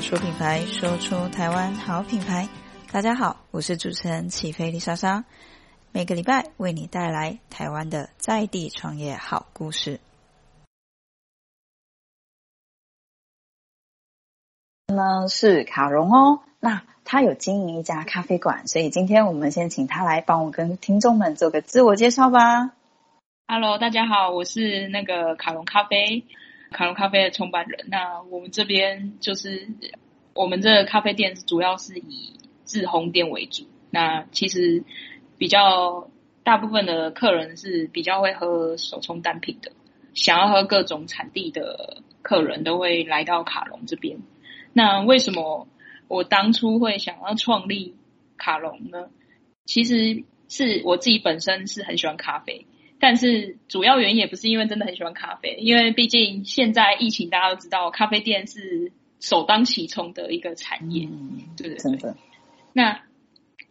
說品牌，說出台灣好品牌。大家好，我是主持人起飛莉莎莎，每個禮拜為你帶來台灣的在地創業好故事。那，是卡戎哦。那他有經營一家咖啡館，所以今天我們先請他來幫我跟聽眾們做個自我介紹吧。Hello，大家好，我是那個卡戎咖啡。卡戎咖啡的創辦人，那我們這邊就是我們這個咖啡店主要是以自烘店為主。那其實比較大部分的客人是比較會喝手沖單品的，想要喝各種產地的客人都會來到卡戎這邊。那為什麼我當初會想要創立卡戎呢？其實是我自己本身是很喜歡咖啡。但是主要原因也不是因為真的很喜歡咖啡，因為畢竟現在疫情大家都知道，咖啡店是首當其衝的一個產業，嗯、對不對，對？嗯、那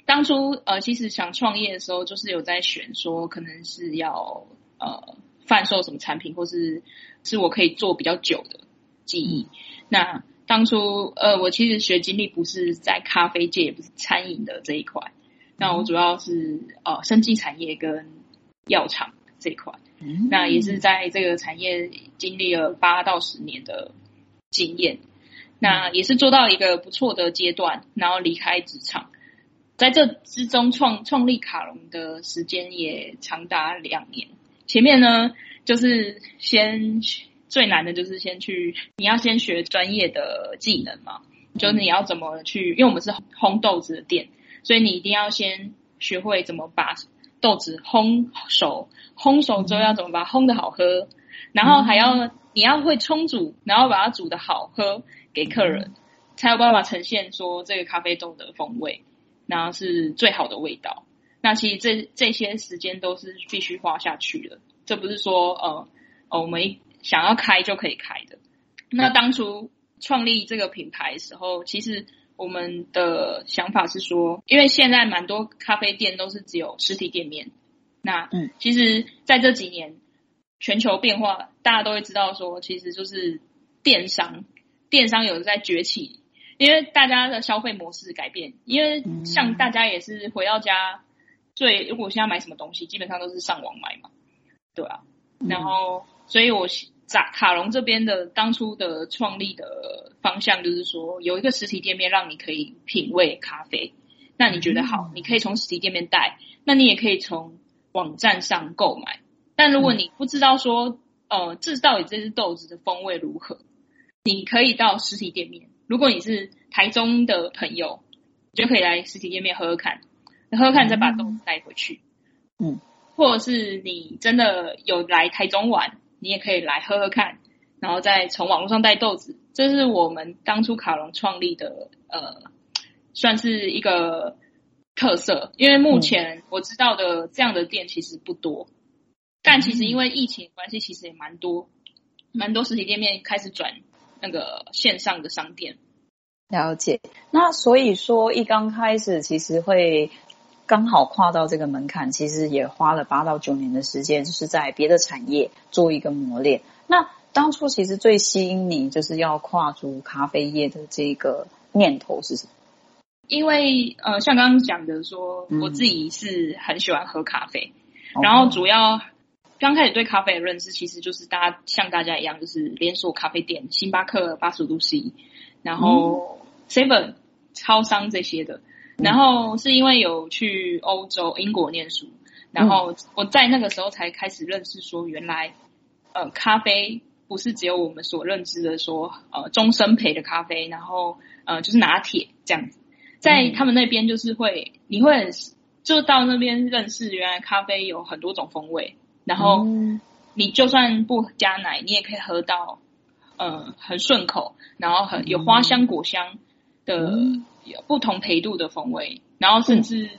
當初呃，其實想創業的時候，就是有在選說，可能是要呃販售什麼產品，或是是我可以做比較久的技藝，嗯。那當初呃，我其實學經歷不是在咖啡界，也不是餐飲的這一塊，那我主要是、嗯、呃生技產業跟藥廠。這一塊，嗯，那也是在這個產業經歷了八到十年的經驗，那也是做到一個不錯的階段，然後離開職場，在這之中創創立卡戎的時間也長達兩年。前面呢，就是先最難的就是先去，你要先學專業的技能嘛，就是你要怎麼去，因為我們是烘豆子的店，所以你一定要先學會怎麼把。豆子烘熟，烘熟之後要怎麼把它烘的好喝、嗯？然後還要你要會沖煮，然後把它煮的好喝，給客人才有辦法呈現說這個咖啡豆的風味，然後是最好的味道。那其實這這些時間都是必須花下去了，這不是說呃，呃我們想要開就可以開的。那當初創立這個品牌的時候，其實。我們的想法是說，因為現在蠻多咖啡店都是只有實體店面。那嗯，其實在這幾年，全球變化，大家都會知道說，其實就是電商，電商有在崛起，因為大家的消費模式改變。因為像大家也是回到家最，最如果現在買什麼東西，基本上都是上網買嘛，對啊。然後，所以我。卡卡戎這邊的當初的創立的方向就是說，有一個實體店面讓你可以品味咖啡。那你覺得好，你可以從實體店面帶；那你也可以從網站上購買。但如果你不知道說，嗯、呃，這到底這支豆子的風味如何，你可以到實體店面。如果你是台中的朋友，你就可以來實體店面喝喝看，喝喝看再把豆子帶回去。嗯，或者是你真的有來台中玩。你也可以來喝喝看，然後再從網絡上帶豆子，這是我們當初卡戎創立的，呃，算是一個特色，因為目前我知道的這樣的店其實不多，嗯、但其實因為疫情關係，其實也蠻多，嗯、蠻多實體店面開始轉那個線上的商店。了解，那所以說一剛開始其實會。剛好跨到這個門檻，其實也花了八到九年的時間，就是在別的產業做一個磨練。那當初其實最吸引你，就是要跨足咖啡業的這個念頭是什麼？因為呃，像剛剛講的說，我自己是很喜歡喝咖啡，嗯、然後主要剛開始對咖啡的認識，其實就是大家像大家一樣，就是連鎖咖啡店，星巴克、85度 C，然後 Seven、嗯、7，超商這些的。然後是因為有去歐洲英國念書，然後我在那個時候才開始認識說，原來呃咖啡不是只有我們所認知的說呃中深焙的咖啡，然後呃就是拿鐵這樣子，在他們那邊就是會你會很就到那邊認識原來咖啡有很多種風味，然後你就算不加奶，你也可以喝到呃很順口，然後很有花香果香的。嗯嗯不同焙度的風味，然後甚至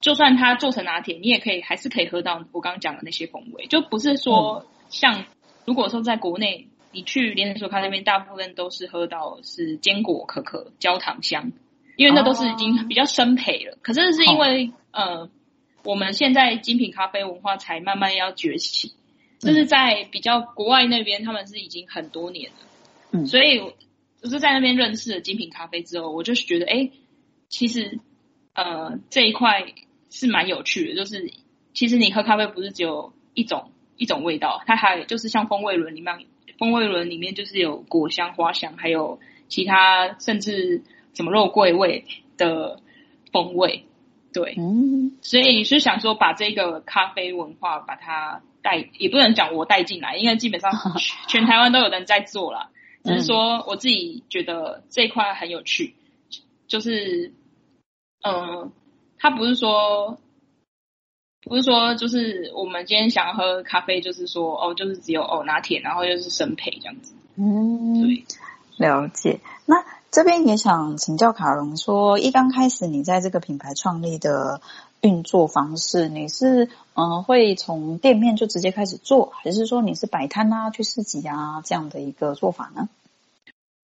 就算它做成拿鐵，你也可以還是可以喝到我剛剛講的那些風味，就不是說像如果說在國內、嗯，你去連鎖咖啡那邊，大部分都是喝到是堅果、可可、焦糖香，因為那都是已經比較深焙了。啊、可是是因為、哦、呃，我們現在精品咖啡文化才慢慢要崛起，就、嗯、是在比較國外那邊，他們是已經很多年了，嗯，所以。就是在那邊認識了精品咖啡之後，我就是覺得，哎、欸，其實，呃，這一塊是蠻有趣的。就是其實你喝咖啡不是只有一種一種味道，它還有就是像風味輪裡面，風味輪裡面就是有果香、花香，還有其他甚至什麼肉桂味的風味。對，嗯、所以是想說把這個咖啡文化把它帶，也不能講我帶進來，因為基本上全台灣都有人在做啦。只是說，我自己覺得這一塊很有趣，就是，嗯、呃，他不是說，不是說，就是我們今天想要喝咖啡，就是說，哦，就是只有哦拿鐵，然後又是生配這樣子。嗯，對，了解。那這邊也想請教卡戎說，說一剛開始你在這個品牌創立的運作方式，你是嗯、呃、會從店面就直接開始做，還是說你是擺攤啊去市集啊這樣的一個做法呢？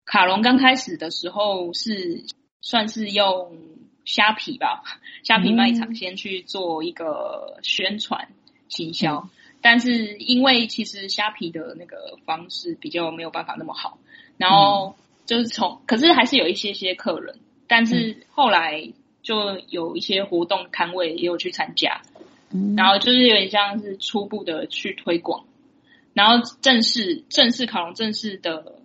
卡戎剛開始的時候是算是用蝦皮吧，蝦皮賣場，先去做一個宣傳行銷，嗯，但是因為其實蝦皮的那個方式比較沒有辦法那麼好，然後就是從、嗯、可是還是有一些些客人，但是後來就有一些活動攤位也有去參加，嗯，然後就是有點像是初步的去推廣，然後正式正式卡戎正式的。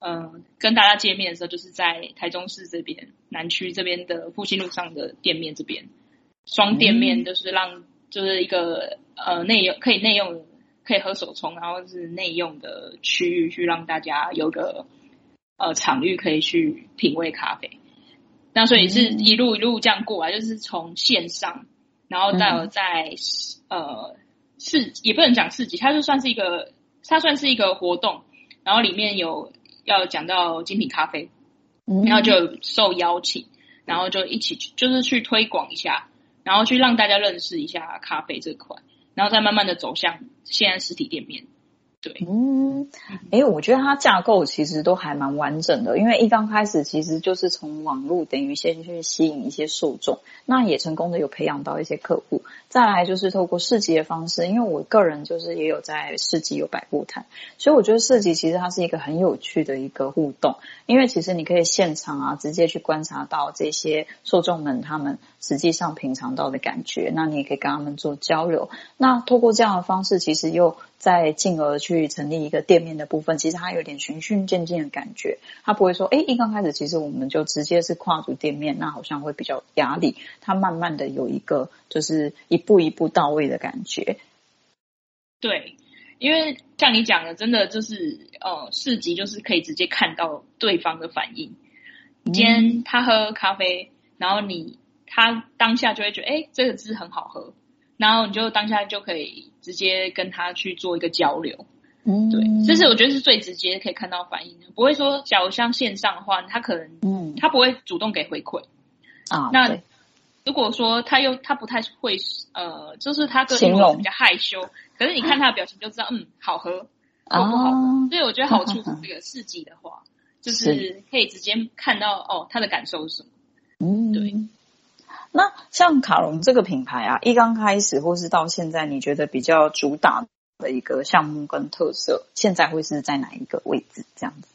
呃，跟大家見面的時候，就是在台中市這邊南區這邊的復興路上的店面這邊，雙店面就是讓就是一個呃內可以內用可以喝手沖，然後是內用的區域去讓大家有個呃場域可以去品味咖啡。那所以是一路一路這樣過來，就是從線上，然後到在、嗯、呃市也不能講市集，它就算是一個它算是一個活動，然後裡面有。嗯要講到精品咖啡，然後就受邀請，然後就一起去，就是去推廣一下，然後去讓大家認識一下咖啡這塊，然後再慢慢的走向現在實體店面。對，嗯，誒，我覺得它架構其實都還蠻完整的，因為一剛開始其實就是從網絡等於先去吸引一些受眾，那也成功的有培養到一些客戶，再來就是透過市集的方式，因為我個人就是也有在市集有擺過攤，所以我覺得市集其實它是一個很有趣的一個互動，因為其實你可以現場啊直接去觀察到這些受眾們他們。實際上品嘗到的感覺，那你也可以跟他們做交流。那透過這樣的方式，其實又再進而去成立一個店面的部分，其實他有點循序漸進的感覺。他不會說，哎，一剛開始其實我們就直接是跨足店面，那好像會比較壓力。他慢慢的有一個就是一步一步到位的感覺。對，因為像你講的，真的就是呃，市集就是可以直接看到對方的反應。你今天他喝咖啡，然後你。他當下就會覺得，哎、欸，這個汁很好喝，然後你就當下就可以直接跟他去做一個交流，嗯、對，這是我覺得是最直接可以看到反應的，不會說假如像線上的話，他可能，嗯，他不會主動給回饋啊。那如果說他又他不太會，呃，就是他個性比較害羞，可是你看他的表情就知道，啊、嗯，好喝，好不好喝，啊？所以我覺得好處是這個四季的話，啊，就是可以直接看到哦，他的感受是什麼。嗯，對。那像卡戎這個品牌啊，一剛開始或是到現在，你覺得比較主打的一個項目跟特色，現在會是在哪一個位置？這樣子？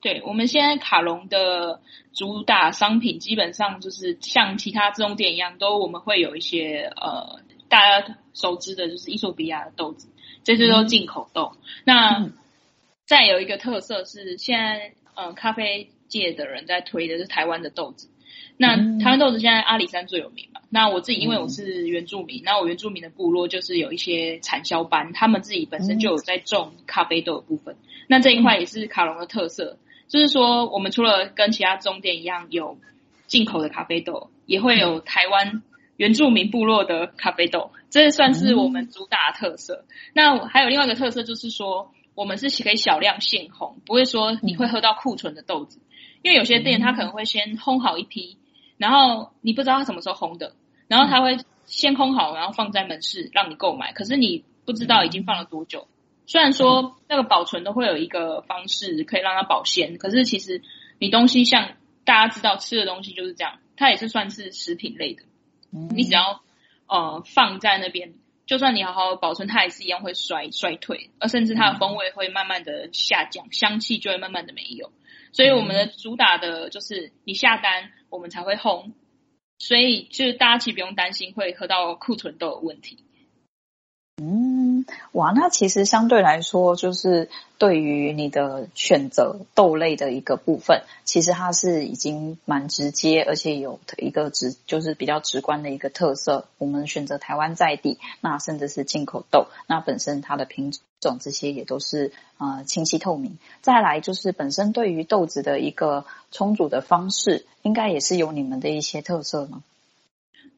對，我們現在卡戎的主打商品，基本上就是像其他這種店一樣，都我們會有一些呃大家熟知的，就是伊索比亞的豆子，這些都進口豆。嗯、那、嗯、再有一個特色是，現在嗯、呃、咖啡界的人在推的，是台灣的豆子。那台灣豆子現在阿里山最有名嘛？那我自己因為我是原住民，嗯、那我原住民的部落就是有一些產銷班，他們自己本身就有在種咖啡豆的部分。那這一塊也是卡戎的特色，嗯、就是說我們除了跟其他中店一樣有進口的咖啡豆，也會有台灣原住民部落的咖啡豆，這是算是我們主打的特色，嗯。那還有另外一個特色就是說，我們是可以小量現烘，不會說你會喝到庫存的豆子，因為有些店他可能會先烘好一批。然後你不知道它什麼時候烘的，然後它會先烘好，然後放在門市讓你購買。可是你不知道已經放了多久。雖然說那個保存都會有一個方式可以讓它保鮮，可是其實你東西像大家知道吃的東西就是這樣，它也是算是食品類的。你只要呃放在那邊，就算你好好保存，它也是一樣會衰衰退，而甚至它的風味會慢慢的下降，香氣就會慢慢的沒有。所以我們的主打的就是你下單。我們才會烘，所以就是大家其實不用擔心會喝到庫存豆有問題，嗯。哇，那其實相對來說，就是對於你的選擇豆類的一個部分，其實它是已經蠻直接，而且有一個直就是比較直觀的一個特色。我們選擇台灣在地，那甚至是進口豆，那本身它的品種這些也都是呃清晰透明。再來就是本身對於豆子的一個沖煮的方式，應該也是有你們的一些特色嗎？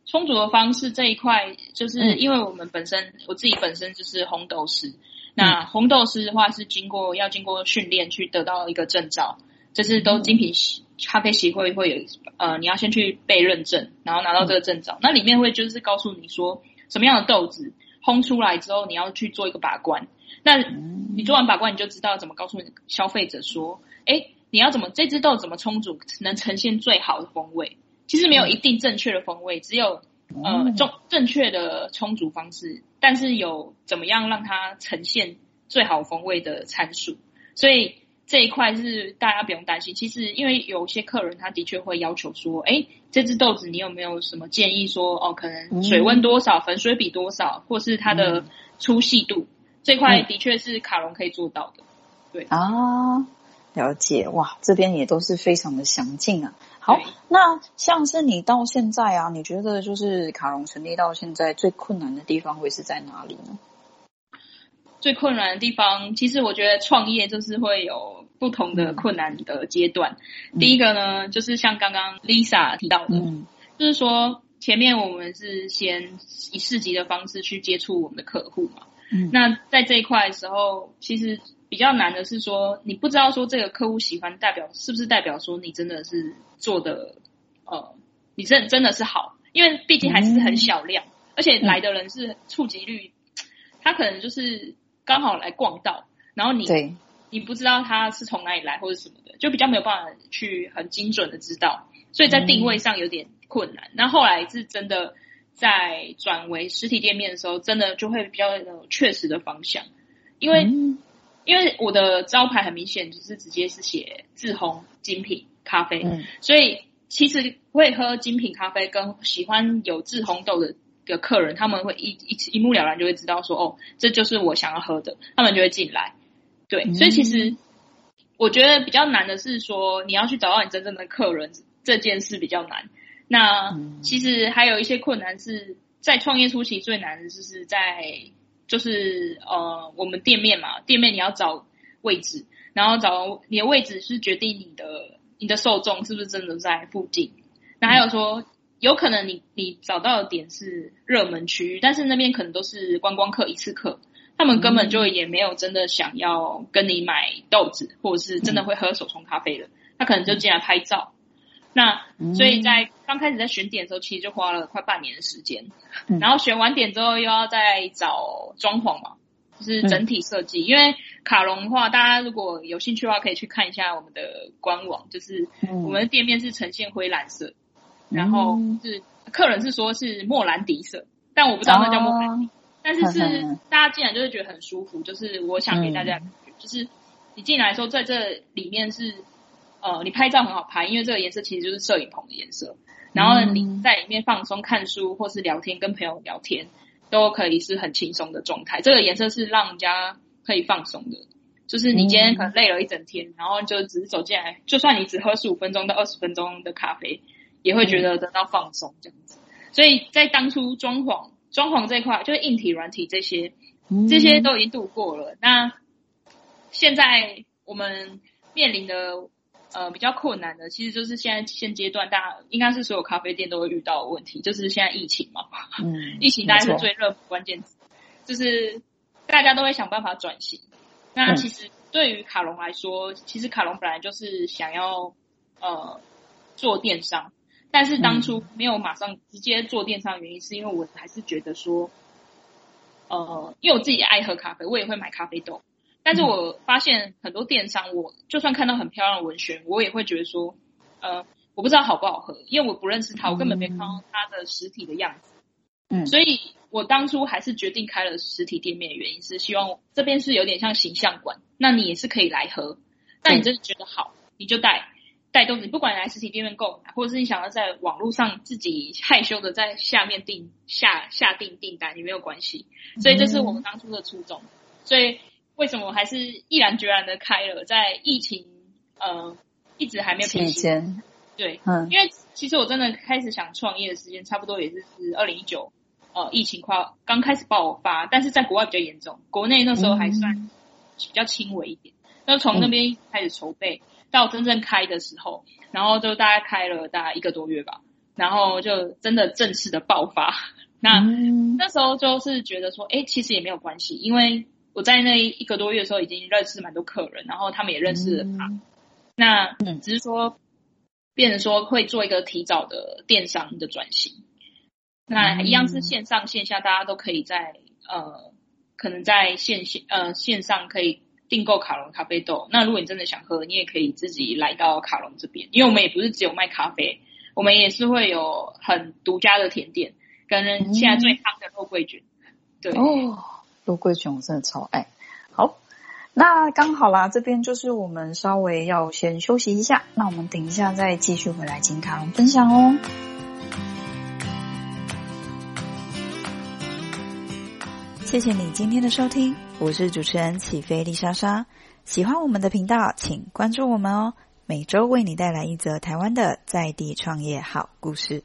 沖煮的方式這一塊，就是因為我們本身，嗯、我自己本身就是烘豆師、嗯。那烘豆師的話，是經過要經過訓練去得到一個證照，就是都精品咖啡協會會有、嗯、呃，你要先去被認證，然後拿到這個證照。嗯、那裡面會就是告訴你說，什麼樣的豆子烘出來之後，你要去做一個把關。那你做完把關，你就知道怎麼告訴消費者說，哎、欸，你要怎麼這支豆子怎麼沖煮，能呈現最好的風味。其實沒有一定正確的風味，嗯、只有呃，正正確的沖煮方式，但是有怎麼樣讓它呈現最好風味的參數，所以這一塊是大家不用擔心。其實因為有些客人他的確會要求說，哎，這隻豆子你有沒有什麼建議說？說哦，可能水溫多少、嗯，粉水比多少，或是它的粗細度，嗯、這一塊的確是卡戎可以做到的。嗯、對啊，了解，哇，這邊也都是非常的詳盡啊。好，那像是你到現在啊，你覺得就是卡戎成立到現在最困難的地方會是在哪裡呢？最困難的地方，其實我覺得創業就是會有不同的困難的階段、嗯。第一個呢，就是像剛剛 Lisa 提到的、嗯，就是說前面我們是先以市集的方式去接觸我們的客戶嘛。嗯，那在這一塊的時候，其實。比較難的是說，你不知道說這個客戶喜歡代表是不是代表說你真的是做的，呃，你這真的是好，因為畢竟還是很小量，嗯、而且來的人是觸及率，他可能就是剛好來逛到，然後你你不知道他是從哪裡來或者什麼的，就比較沒有辦法去很精準的知道，所以在定位上有點困難。那、嗯、後，後來是真的在轉為實體店面的時候，真的就會比較有確實的方向，因為。嗯因為我的招牌很明顯，就是直接是寫自烘精品咖啡。嗯，所以其實會喝精品咖啡跟喜歡有自烘豆的的客人，他們會一一一目了然就會知道說，哦，這就是我想要喝的，他們就會進來。對，嗯，所以其實我覺得比較難的是說，你要去找到你真正的客人，這件事比較難。那其實還有一些困難是在創業初期最難的就是在。就是呃，我們店面嘛，店面你要找位置，然後找你的位置是決定你的你的受眾是不是真的在附近。那還有說，有可能你你找到的點是熱門區域，但是那邊可能都是觀光客、一次客，他們根本就也沒有真的想要跟你買豆子，或者是真的會喝手沖咖啡的，他可能就進來拍照。那所以在。剛開始在選點的時候，其實就花了快半年的時間。然後選完點之後，又要再找裝潢嘛，就是整體設計、嗯。因為卡戎的話，大家如果有興趣的話，可以去看一下我們的官網，就是我們的店面是呈現灰藍色，然後是、嗯、客人是說是莫蘭迪色，但我不知道那叫莫蘭迪、哦，但是是大家進來就會覺得很舒服。就是我想給大家感覺、嗯，就是你進來的時候，在這裡面是呃，你拍照很好拍，因為這個顏色其實就是攝影棚的顏色。然後你在裡面放鬆看書或是聊天，跟朋友聊天，都可以是很輕鬆的狀態。這個顏色是讓人家可以放鬆的，就是你今天可能累了一整天，嗯、然後就只是走進來，就算你只喝十五分鐘到二十分鐘的咖啡，也會覺得得到放鬆這樣子。所以在當初裝潢裝潢這塊，就是硬體軟體這些，這些都已經度過了。那現在我們面臨的。呃，比較困難的其實就是現在現階段大，大家應該是所有咖啡店都會遇到的問題，就是現在疫情嘛，嗯、疫情大家是最熱門關鍵詞，就是大家都會想辦法轉型，嗯。那其實對於卡戎來說，其實卡戎本來就是想要呃做電商，但是當初沒有馬上直接做電商，原因是因為我還是覺得說，呃，因為我自己愛喝咖啡，我也會買咖啡豆。但是我發現很多電商，我就算看到很漂亮的文宣，我也會覺得說，呃，我不知道好不好喝，因為我不認識他，我根本沒看到它的實體的樣子。嗯，所以我當初還是決定開了實體店面的原因是，希望這邊是有點像形象館，那你也是可以來喝。但你真的覺得好，你就帶帶東西，不管你來實體店面購買，或者是你想要在網絡上自己害羞的在下面訂下下訂訂單，也沒有關係。所以這是我們當初的初衷。所以。為什麼還是毅然決然的開了？在疫情呃，一直還沒有平息期間，對，嗯，因為其實我真的開始想創業的時間，差不多也是是二零一九，呃，疫情快剛開始爆發，但是在國外比較嚴重，國內那時候還算比較輕微一點。嗯、那從那邊開始籌備、嗯，到真正開的時候，然後就大概開了大概一個多月吧，然後就真的正式的爆發。那、嗯、那時候就是覺得說，哎，其實也沒有關係，因為。我在那一個多月的時候已經認識蠻多客人，然後他們也認識了他、嗯。那只是說，變成說會做一個提早的電商的轉型。那一樣是線上線下，大家都可以在呃，可能在線下呃線上可以訂購卡戎咖啡豆。那如果你真的想喝，你也可以自己來到卡戎這邊，因為我們也不是只有賣咖啡，我們也是會有很獨家的甜點，跟現在最夯的肉桂捲。對哦。肉桂捲我真的超愛。好，那剛好啦，這邊就是我們稍微要先休息一下，那我們等一下再繼續回來進行分享哦、喔。謝謝你今天的收聽，我是主持人起飛莉莎莎。喜歡我們的頻道，請關注我們哦、喔。每周為你帶來一則台灣的在地創業好故事。